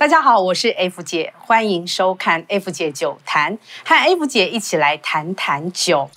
大家好，我是 F 姐，歡迎收看 F 姐酒罈，和 F 姐一起來談談酒。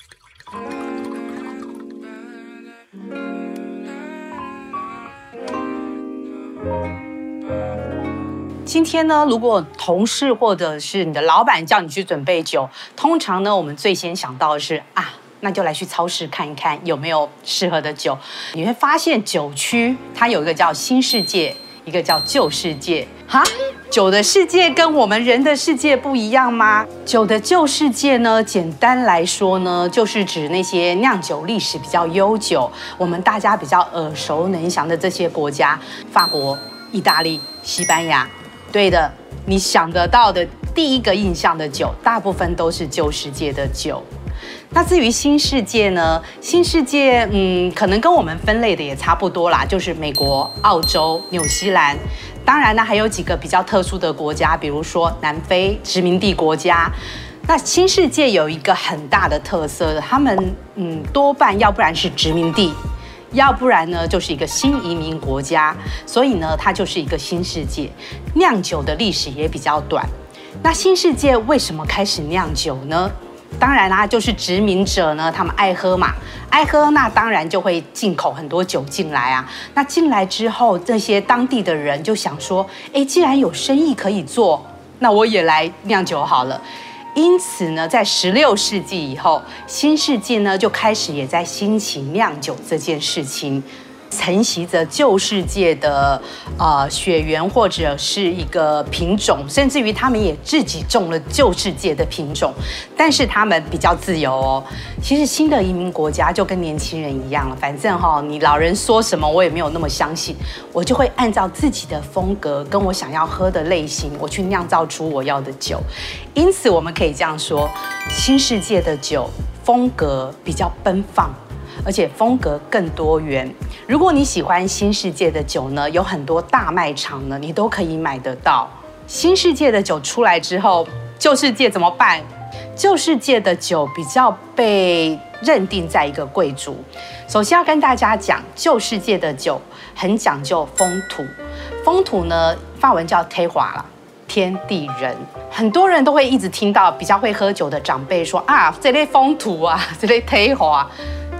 今天呢，如果同事或者是你的老闆叫你去準備酒，通常呢，我們最先想到的是啊，那就來去超市看一看有沒有適合的酒。你會發現酒區它有一個叫新世界。一個叫舊世界。哈，酒的世界跟我們人的世界不一樣嗎？酒的舊世界呢，簡單來說呢，就是指那些釀酒歷史比較悠久，我們大家比較耳熟能詳的這些國家，法國、意大利、西班牙。對的，你想得到的。第一個印象的酒，大部分都是舊世界的酒。那至於新世界呢？新世界，嗯，可能跟我們分類的也差不多啦，就是美國、澳洲、紐西蘭。當然呢，還有幾個比較特殊的國家，比如說南非殖民地國家。那新世界有一個很大的特色，他們嗯，多半要不然是殖民地，要不然呢就是一個新移民國家，所以呢，它就是一個新世界，釀酒的歷史也比較短。那新世界為什麼開始釀酒呢？當然啦、啊，就是殖民者呢，他們愛喝嘛，愛喝那當然就會進口很多酒進來啊。那進來之後，那些當地的人就想說，哎、欸，既然有生意可以做，那我也來釀酒好了。因此呢，在十六世紀以後，新世界呢就開始也在興起釀酒這件事情。承襲着舊世界的啊、呃、血緣或者是一個品種，甚至於他們也自己種了舊世界的品種，但是他們比較自由哦。其實新的移民國家就跟年輕人一樣了，反正哈、哦，你老人說什麼我也沒有那麼相信，我就會按照自己的風格跟我想要喝的類型，我去釀造出我要的酒。因此我們可以這樣說，新世界的酒風格比較奔放。而且風格更多元。如果你喜歡新世界的酒呢，有很多大賣場呢，你都可以買得到。新世界的酒出來之後，舊世界怎麼辦？舊世界的酒比較被認定在一個貴族。首先要跟大家講，舊世界的酒很講究風土，風土呢，法文叫 Terroir，天地人。很多人都會一直聽到比較會喝酒的長輩說啊，這類風土啊，這類 Terroir。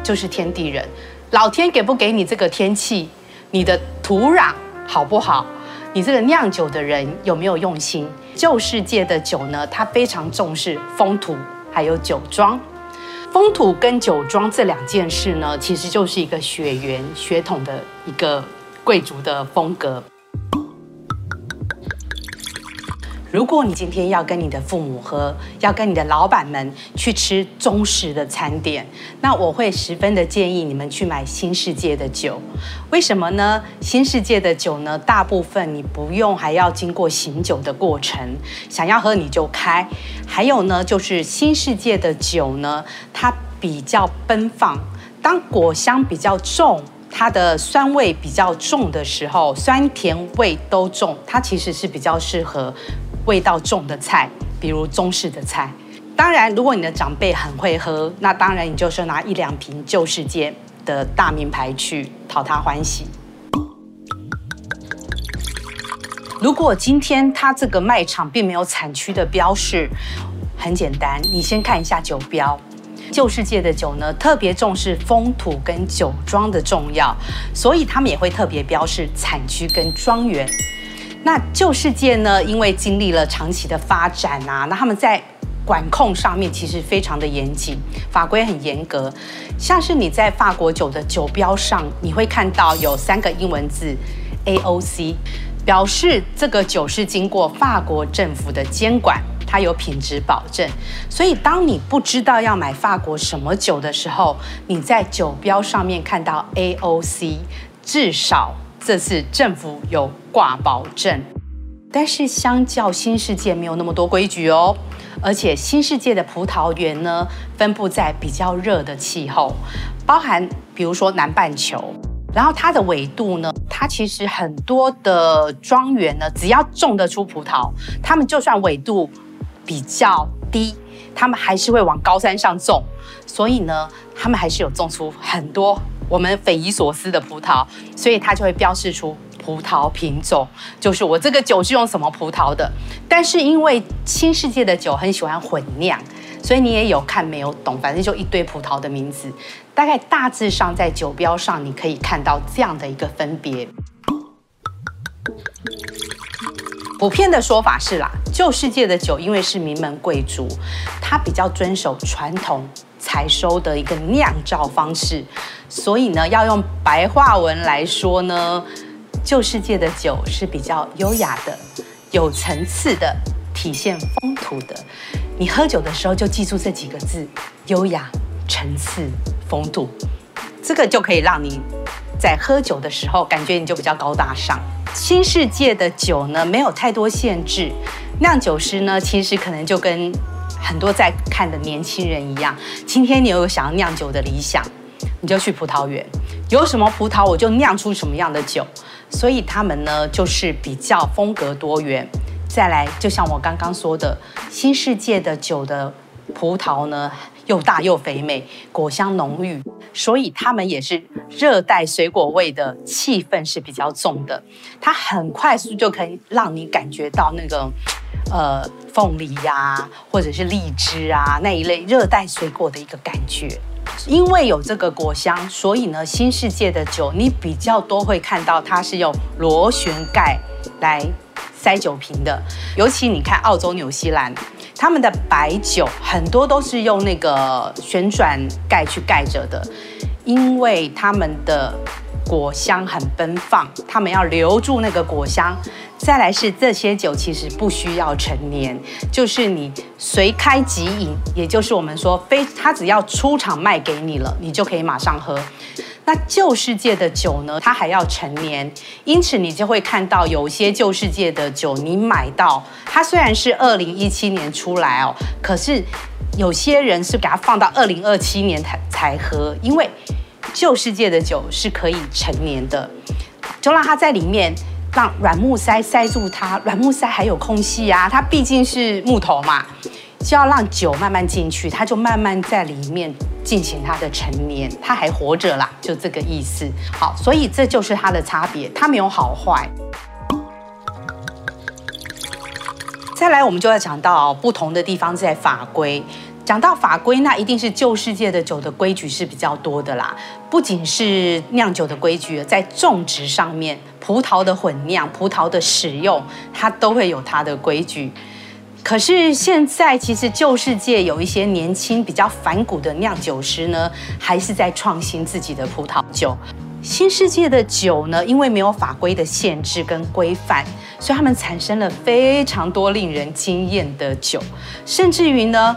就是天地人，老天給不給你這個天氣，你的土壤好不好，你這個釀酒的人有沒有用心？舊世界的酒呢，它非常重視風土還有酒莊，風土跟酒莊這兩件事呢，其實就是一個血緣血統的一個貴族的風格。如果你今天要跟你的父母喝，要跟你的老闆們去吃中式的餐點，那我會十分的建議你們去買新世界的酒。為什麼呢？新世界的酒呢，大部分你不用還要經過醒酒的過程，想要喝你就開。還有呢，就是新世界的酒呢，它比較奔放，當果香比較重，它的酸味比較重的時候，酸甜味都重，它其實是比較適合味道重的菜，比如中式的菜。當然，如果你的長輩很會喝，那當然你就是拿一兩瓶舊世界的大名牌去討他歡喜。如果今天他這個賣場並沒有產區的標示，很簡單，你先看一下酒標。舊世界的酒呢，特別重視風土跟酒莊的重要，所以他們也會特別標示產區跟莊園。那舊世界呢？因為經歷了長期的發展啊，那他們在管控上面其實非常的嚴謹，法規很嚴格。像是你在法國酒的酒標上，你會看到有三個英文字 AOC，表示這個酒是經過法國政府的監管，它有品質保證。所以當你不知道要買法國什麼酒的時候，你在酒標上面看到 AOC，至少這次政府有。掛保證，但是相較新世界沒有那麼多規矩哦，而且新世界的葡萄園呢，分佈在比較熱的氣候，包含比如說南半球，然後它的緯度呢，它其實很多的莊園呢，只要種得出葡萄，他們就算緯度比較低，他們還是會往高山上種，所以呢，他們還是有種出很多我們匪夷所思的葡萄，所以它就會標示出。葡萄品種就是我這個酒是用什麼葡萄的，但是因為新世界的酒很喜歡混釀，所以你也有看沒有懂，反正就一堆葡萄的名字，大概大致上在酒標上你可以看到這樣的一個分別。普遍的說法是啦，舊世界的酒因為是名門貴族，它比較遵守傳統採收的一個釀造方式，所以呢，要用白話文來說呢。舊世界的酒是比較優雅的、有層次的、體現風土的。你喝酒的時候就記住這幾個字：優雅、層次、風土。這個就可以讓你在喝酒的時候感覺你就比較高大上。新世界的酒呢，沒有太多限制。釀酒師呢，其實可能就跟很多在看的年輕人一樣，今天你有想要釀酒的理想，你就去葡萄園，有什麼葡萄我就釀出什麼樣的酒。所以他們呢，就是比較風格多元。再來，就像我剛剛說的，新世界的酒的葡萄呢，又大又肥美，果香濃郁，所以他們也是熱帶水果味的氣氛，是比較重的。它很快速就可以讓你感覺到那個，呃，鳳梨呀或者是荔枝啊那一類熱帶水果的一個感覺。因為有這個果香，所以呢，新世界的酒你比較多會看到它是用螺旋蓋來塞酒瓶的。尤其你看澳洲、紐西蘭，他們的白酒很多都是用那個旋轉蓋去蓋着的，因為他們的。果香很奔放，他們要留住那個果香。再來是這些酒其實不需要陳年，就是你隨開即飲，也就是我們說非它只要出廠賣給你了，你就可以馬上喝。那舊世界的酒呢，它還要陳年，因此你就會看到有些舊世界的酒你買到，它雖然是二零一七年出來哦，可是有些人是給它放到二零二七年才才喝，因為。舊世界的酒是可以陳年的，就讓它在裡面，讓軟木塞塞住它。軟木塞還有空隙啊，它畢竟是木頭嘛，就要讓酒慢慢進去，它就慢慢在裡面進行它的陳年，它還活着啦，就這個意思。好，所以這就是它的差別，它沒有好壞。再來，我們就要講到不同的地方在法規。講到法規，那一定是舊世界的酒的規矩是比較多的啦。不僅是釀酒的規矩，在種植上面，葡萄的混釀、葡萄的使用，它都會有它的規矩。可是現在，其實舊世界有一些年輕、比較反骨的釀酒師呢，還是在創新自己的葡萄酒。新世界的酒呢，因為沒有法規的限制跟規範，所以他們產生了非常多令人驚艷的酒，甚至於呢。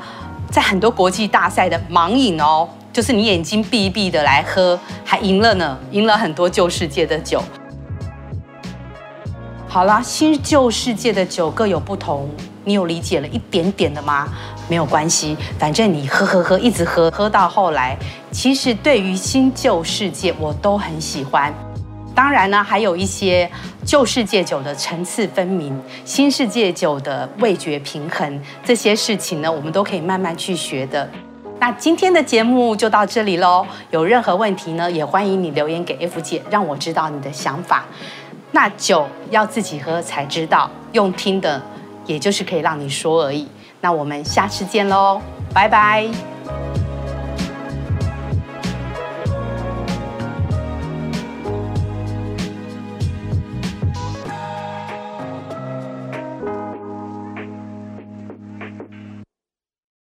在很多國際大賽的盲飲哦，就是你眼睛閉一閉的來喝，還贏了呢，贏了很多舊世界的酒。好啦，新舊世界的酒各有不同，你有理解了一點點的嗎？沒有關係，反正你喝喝喝，一直喝，喝到後來，其實對於新舊世界，我都很喜歡。當然呢，還有一些舊世界酒的層次分明，新世界酒的味覺平衡，這些事情呢，我們都可以慢慢去學的。那今天的節目就到這裡嘍，有任何問題呢，也歡迎你留言給 F 姐，讓我知道你的想法。那酒要自己喝才知道，用聽的，也就是可以讓你說而已。那我們下次見嘍，拜拜。